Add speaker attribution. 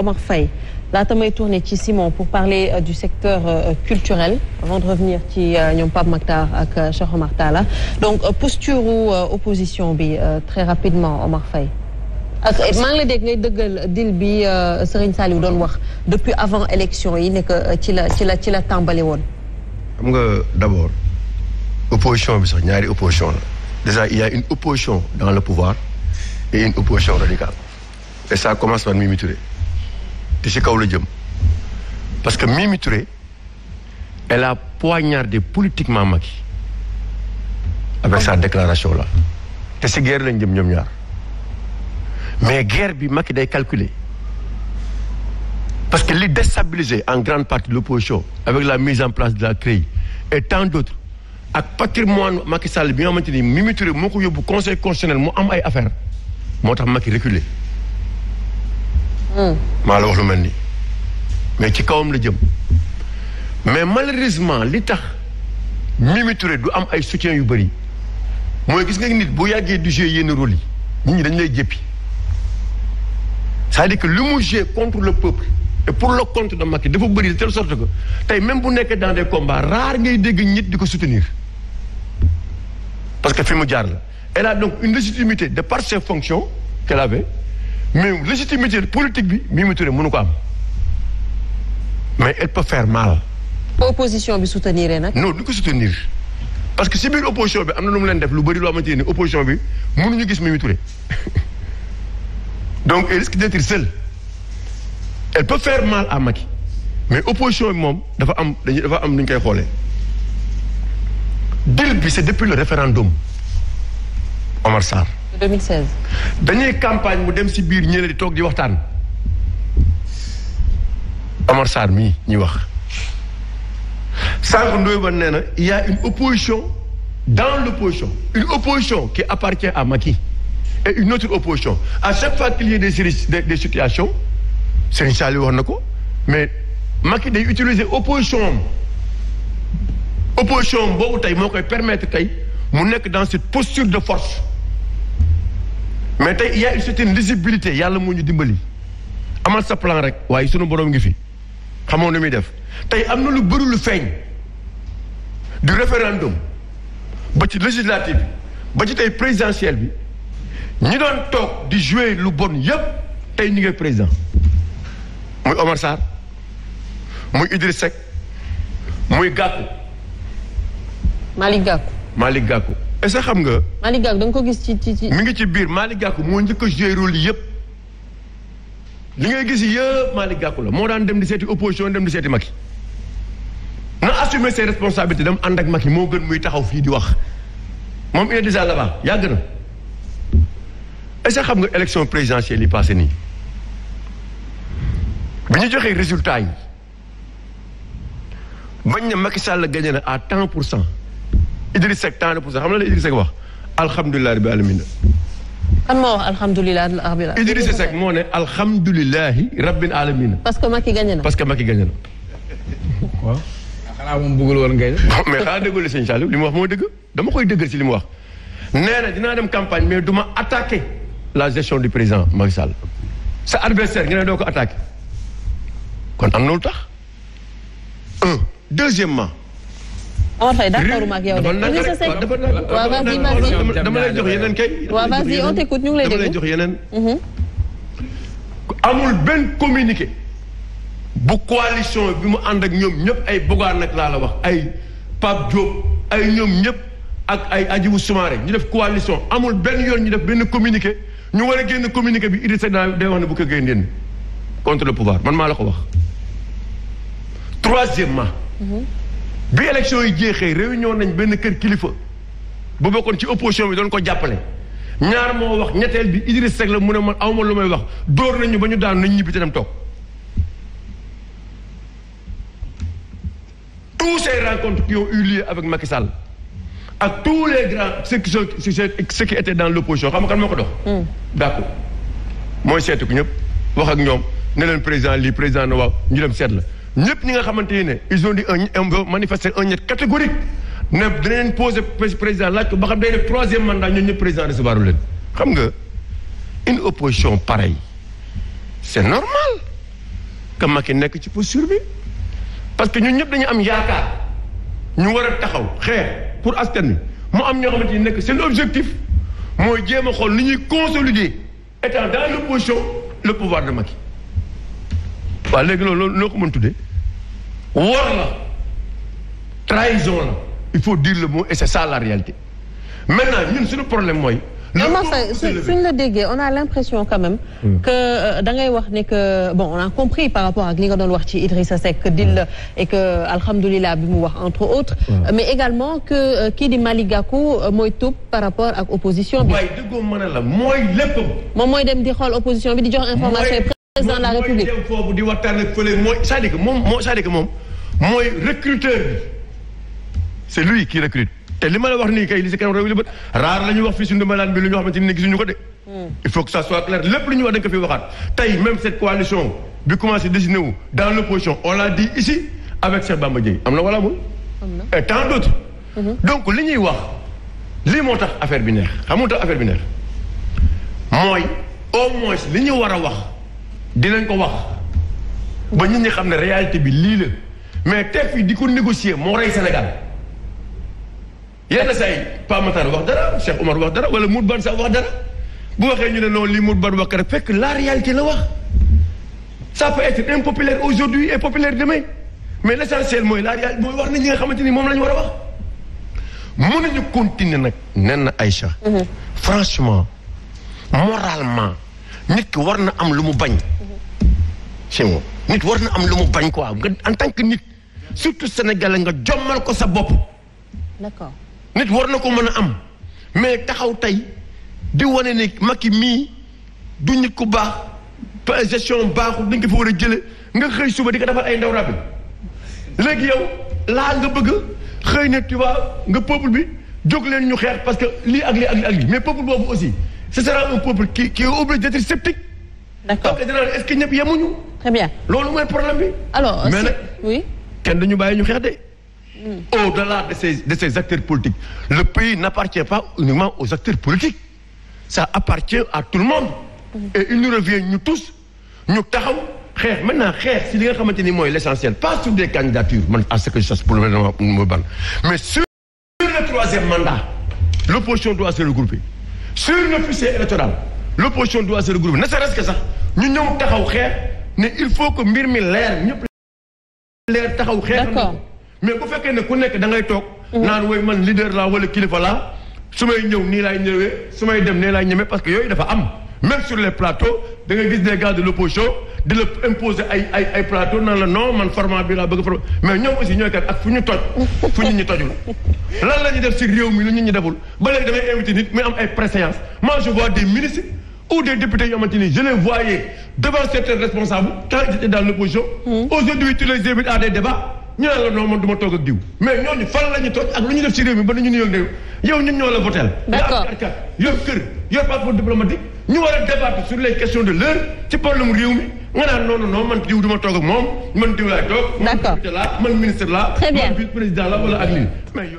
Speaker 1: Omar Faye laata may tourner ci Simon pour parler euh, du secteur euh, euh, culturel avant de revenir ci ñoom Pape Makhtar ak Cheikh Omar Talla donc posture ou opposition bi très rapidement Omar Faye ak maa ngi la dégg ngay dëggal deal bi Serigne Saliou doon wax depuis avant élection yi nekk ci la ci la ci la tàmbali woon nga d'abord opposition bi sax ñaari opposition une opposition dans le pouvoir et une opposition radicale et ça commence par Mimi Touré te si kaw la jëm parce que Mimi Touré elle a poignardé politiquement Macky avec sa déclaration la te ci guerre lañ jëm ñoom ñaar mais guerre bi Macky day calculer parce que li déstabilisé en grande partie l'opposition avec la mise en place de la CREI et tant d'autres ak patrimoine Macky Sall bi nga xamante ni Mimi Touré moo ko yóbbu conseil constitutionnel mu am ay affaire moo tax Macky reculer Mm. maa la wax lu mel nii mais ci kawam la jëm mais malheureusement li tax Mimi du am ay soutien yu bëri mooy gis nga nit boo yàggee du jouer yenn rôle yi nit ñi dañ lay jëppi c'est-à-dire que lu mu jouer contre le peuple et pour le compte de Macky dafa bëri tele telle sorte que tey même bu nekkee dans des combats raar ngay dégg nit di ko soutenir parce que fi mu jaar la elle a donc une légitimité de par ses fonctions qu'elle avait mais légitimité politique bi Mimi Touré mënu ko am mais elle peut faire mal. opposition bi soutenir nag. non du ko soutenir parce que si biir opposition bi am na lu mu leen def lu bëri loo xamante ni opposition bi mënuñu gis Mimi Touré donc elle risque d'être seule elle peut faire mal à Macky mais opposition bi moom dafa am dañu dafa am nu ñu koy xoolee. deal bi c'est depuis le référendum Omar Sarr. dañuy campagne mu dem si biir ñële di toog di waxtaan Amar Sarr mii ñuy wax sànq Ndoye Bane nee na il y a une opposition dans l'opposition une opposition qui appartient à Macky et une autre opposition à chaque fois qu'il y a des des, des situations Serigne Saliou wax na ko mais Macky day utiliser opposition opposition boobu tey moo koy permettre tey mu nekk dans cette posture de force mais tey y a une lisibilité yàlla moo ñu dimbali amal sa plan rek waaye sunu borom ngi fi xamoo nu muy def tey am na lu bëri lu feeñ du référendum ba ci législative ba ci tey présidentielle bi ñi doon toog di jouer lu bon yépp tey ñu ngi président muy Omar Sarr muy Idriss Seck muy Gakou Malick Gakou Malick Gakou est ce xam nga. Malick Gakou da ko gis ci ci ci. mi ngi ci biir Malick Gakou moo njëkk a joué rôle yëpp li ngay gis yëpp Malick Gakou la moo daan dem di seeti opposition dem di seeti Macky na assumer ses responsabilités dem ànd ak Macky moo gën muy taxaw fii di wax moom il est yàgg na est ce xam nga élection présidentielle yi passé nii bi ñu joxee résultat yi bañ na Macky Sall gagné na à temps pour cent. Idriss Seck tant de pour cent xam nga la Idriss Seck wax alhamdulilah rabbil alamin. kan moo wax alhamdulilah rabbil alamin. Idriss Seck moo alamin. parce que Macky gagné na. parce que Macky gagné na. waaw. xanaa moom bëggul woon gagné. li mu wax moo dëgg dama koy dëggal si li mu wax. nee na dinaa dem campagne mais du ma attaqué la gestion du président Macky Sall. sa adversaire nga ne doo ko attaqué. kon am na lu Omar Faye d'accord ma ak yow de. waaw vas-y vas-y dama lay jox yeneen y on mhm. amul benn communiqué. bu coalition bi mu ànd ak ñoom ñëpp ay Bougane nag laa la wax ay Pape Diop ay ñoom ñëpp ak ay Hadjibou Soumaré ñu def coalition amul benn yoon ñu def benn communiqué ñu war a génn communiqué bi Idrissa day wax ne bu ko génneen contre le pouvoir man maa la ko wax. troisièmement mhm. bi élection yi jeexee réunion nañ benn kër kilifa bu bokkoon ci opposition bi doon ko jàppale ñaar moo wax ñetteel bi Idriss Seck la mu ne man awma lu may wax dóor nañu ba ñu daan nañ ñibbi te dem toog tous ces rencontres qui ont eu avec Macky Sall ak tous les grands ceux qui sont ceux qui étaient dans l'opposition xam nga kan moo ko dox d'accord hmm. mooy seetu ku ñëpp wax ak ñoom ne président lii président na waaw ñu dem seet la ñëpp ñi nga xamante ne ils ont dit un manifester un ñett catégorique ne danañ posé président laaj ko ba xam day def troisième mandat ñun ñëpp président recevoir leen xam nga une opposition pareille c'est normal que yi nekk ci posture bi parce que ñun ñëpp dañu am yaakaar ñu war a taxaw xeex pour askan wi mu am ñoo xamante ni nekk seen objectif mooy jéem a xool ni ñuy consolider étant dans l'opposition le pouvoir de Macky waaw léegi loolu noo ko mën tuddee wor la trahison la il faut dire le mot et c'est ça la réalité maintenant problème mooy ama fay suñ la déggee on a l'impression quand même hmm. que euh, da ngay wax ne que bon on a compris par rapport ak li nga doon wax ci Idrissa Seck dil la et que alhamdulilah bi mu wax entre autres hmm. mais également que euh, kii di Malick Gakou euh, mooy tuub par rapport ak opposition bi waaye dëggoo mën a la mooy lépp moom mooy dem di xool opposition bi di jox information président de la république di waxtaan ak fële mooy c'est-à-dire que moom mooy c'est-à-dire que moom mooy recruteur bi c'est lui qui recrute te li ma la wax nii kay li si kanam réew li bët raar la ñuy wax fii suñu ndimbalaan bi lu ñu xamante ko de. Hmm. il faut que ça soit clair lépp lu ñuy wax dañ ko fi waxaat tey même cette coalition bi commencé dessiné wu dans l'opposition on l'a dit ici avec Cheikh Bamba Dièye am na wala amul. et tant d'autres. Hmm. donc li ñuy wax lii moo tax affaire bi neex xam moo tax affaire bi neex mooy au moins li ñu war a wax. dinañ ko wax ba ñu ñi xam ne réalité bi lii la mais teg fii di ko négocier moo rey Sénégal yenn saa yi Pa Matar wax dara Cheikh Omar wax dara wala Mour Ban sax wax dara bu waxee ñu ne noonu lii Mour Ban wax rek fekk la réalité la wax ça peut être impopulaire aujourd'hui et populaire demain mais l' essentiel mooy la réalité mooy wax na xamante ni moom ñu war a wax. mënuñu continuer nag nen na Aïcha. Mhm. franchement moralement. nit ki war na am lu mu bañ. c'est bon nit war na am lu mu bañ am nga en tant que nit surtout sénégalais nga jommal ko sa bopp. d'accord nit war na ko mën a am mais taxaw tey di wane ni ki mii du nit ku baax pa gestion baaxul dañ ko fa war a jële nga xëy suba di nga defal ay ndaw rabbi léegi yow laa nga bëgg xëy na tu nga peuple bi jóg leen ñu xeex parce que lii ak lii ak lii ak mais peuple boobu aussi. ce sera un peuple qui qui est obligé d'être sceptique. d'accord donc dina est-ce que très bien loolu mooy problème bi. alors mais oui. kenn dañu bàyyi ñu xeex de. Hmm. au-delà de ces de ces acteurs politiques le pays n'appartient pas uniquement aux acteurs politiques ça appartient à tout le monde. Hmm. et il nous revient ñu tous ñu taxaw xeex maintenant xeex si li nga xamante ni mooy l'essentiel pas sur des candidatures man à ce que je sache pour le moment mu ban mais sur le sur le fichier électoral l'opposition doit se regrouper ne serait-ce sax ñu ñëw taxaw xeex ne il faut que mbir mi leer ñëpp leer taxaw xeex mais bu fekkee ne ku nekk da ngay toog mhm. naan woy man leader laa wala kilifa la su may ñëw nii laay ñëwee su may dem nee laay ñemee parce que yooyu dafa am même sur les plateaux da nga gis des gars de la imposer ay ay ay la non man format bi laa bëgg format mais ñoom aussi ñooy kat ak fu ñu fu nit ñi lan la ñuy def si réew mi lu nit ñi deful ba léegi damay invité nit muy am ay préséance moi je vois des ministres ou des députés yoo ni je les voyais devant certains responsables quand ils étaient dans l'opposition hmm. aujourd'hui tu les des débats ñu la non man du ma toog mais ñooñu fan la ñu ak lu ñu def si réew mi ba nu ñu nuyoo ak yow ñun ñoo la votel yor passeport diplomatique ñu war a débattre sur les questions de l'heure ci problème réew mi nga naan noonu non man diw du ma toog ak moom man diw laay toog. ma ministre la man vice président la wala ak lii.